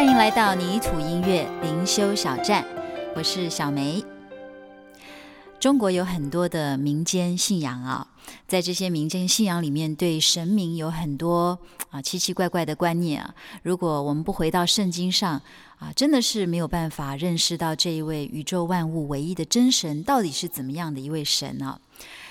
歡迎來到泥土音樂靈修小站，我是小梅。中國有很多的民間信仰啊，在這些民間信仰裡面，對神明有很多啊奇奇怪怪的觀念啊。如果我們不回到聖經上啊，真的是沒有辦法認識到這一位宇宙萬物唯一的真神到底是怎麼樣的一位神啊。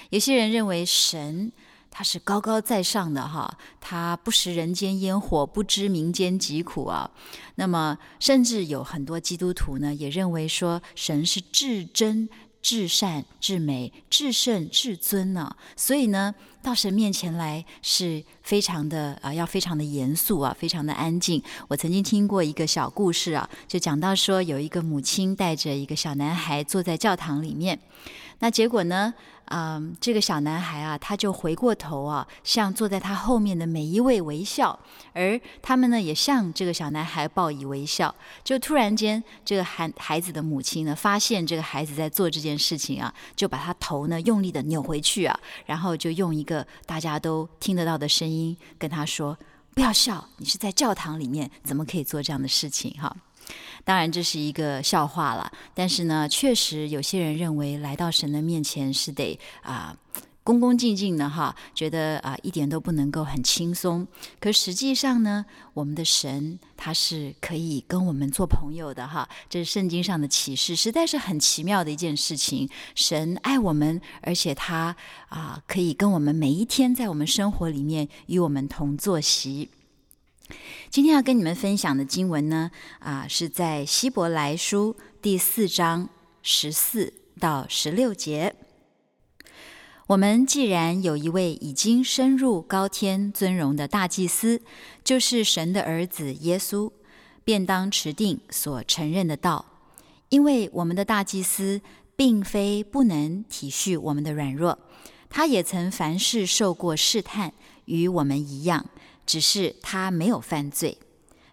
有些人認為神。他是高高在上的哈，他不食人間煙火，不知民間疾苦啊。那麼，甚至有很多基督徒呢，也認為說神是至真、至善、至美、至聖、至尊呢。所以呢。到神面前來是非常的啊、呃，要非常的嚴肅啊，非常的安靜。我曾經聽過一個小故事啊，就講到說有一個母親帶着一個小男孩坐在教堂裡面，那結果呢，嗯，這個小男孩啊，他就回過頭啊，向坐在他後面的每一位微笑，而他們呢，也向這個小男孩報以微笑。就突然間，這個孩孩子的母親呢，發現這個孩子在做這件事情啊，就把他頭呢用力的扭回去啊，然後就用一。個大家都聽得到的聲音，跟他說：“不要笑，你是在教堂裡面，怎麼可以做這樣的事情？”哈，當然這是一個笑話了。但是呢，確實有些人認為，來到神的面前是得啊。呃恭恭敬敬的哈，覺得啊一點都不能夠很輕鬆。可實際上呢，我們的神他是可以跟我們做朋友的哈，這是聖經上的啟示，實在是很奇妙的一件事情。神愛我們，而且他啊可以跟我們每一天在我們生活裡面與我們同坐席。今天要跟你們分享的經文呢，啊是在希伯來書第四章十四到十六節。我們既然有一位已經升入高天尊榮的大祭司，就是神的兒子耶穌，便當持定所承認的道。因為我們的大祭司並非不能體恤我們的軟弱，他也曾凡事受過試探，與我們一樣，只是他沒有犯罪。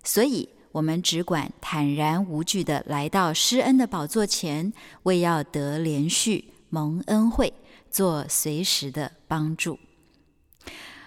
所以，我們只管坦然無懼地來到施恩的寶座前，為要得憐恤蒙恩惠。做隨時的幫助，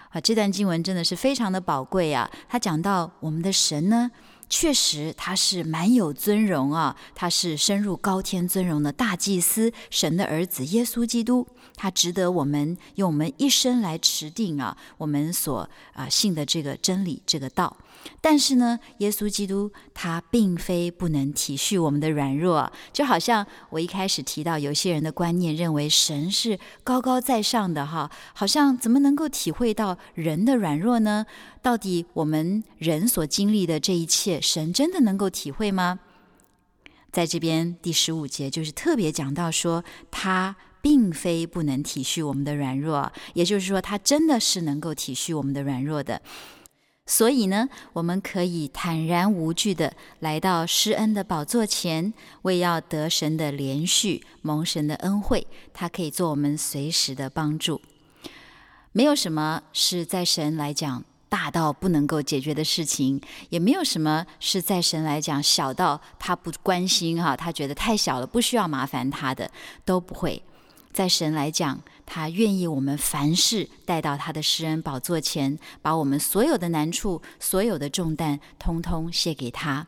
啊，這段經文真的是非常的寶貴啊！他講到我們的神呢。確實，他是蠻有尊榮啊！他是升入高天尊榮的大祭司，神的兒子耶穌基督，他值得我們用我們一生來持定啊，我們所啊信的這個真理，這個道。但是呢，耶穌基督他並非不能體恤我們的軟弱，就好像我一開始提到，有些人的觀念認為神是高高在上的哈，好像怎麼能夠體會到人的軟弱呢？到底我們人所經歷的這一切。神真的能夠體會嗎？在這邊第十五節就是特別講到說，他並非不能體恤我們的軟弱，也就是說，他真的是能夠體恤我們的軟弱的。所以呢，我們可以坦然無懼的來到施恩的寶座前，為要得神的憐恤，蒙神的恩惠，他可以做我們隨時的幫助。沒有什麼是在神來講，大到不能夠解決的事情，也沒有什麼是在神來講小到他不關心哈、啊，他覺得太小了，不需要麻煩他的，都不會。在神來講，他願意我們凡事帶到他的施恩寶座前，把我們所有的難處、所有的重擔，通通卸給他。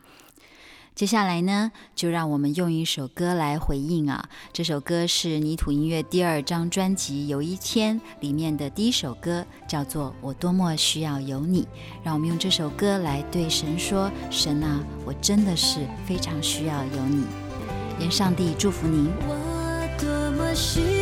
接下來呢，就讓我們用一首歌來回應啊！這首歌是泥土音樂第二張專輯《有一天》裡面的第一首歌，叫做《我多麼需要有你》。讓我們用這首歌來對神說：“神啊，我真的是非常需要有你。”願上帝祝福您。我多麼需要有你